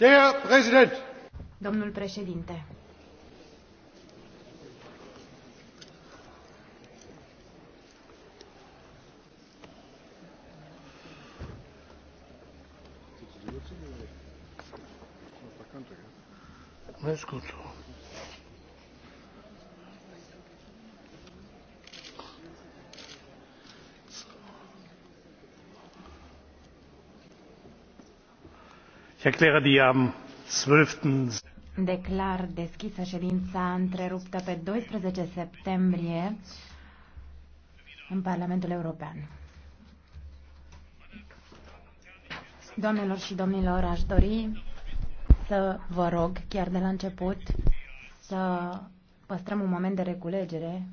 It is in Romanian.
Der Präsident. Domnul președinte. Nu scuzați. Declar deschisă ședința întreruptă pe 12 septembrie în Parlamentul European. Doamnelor și domnilor, aș dori să vă rog, chiar de la început, să păstrăm un moment de reculegere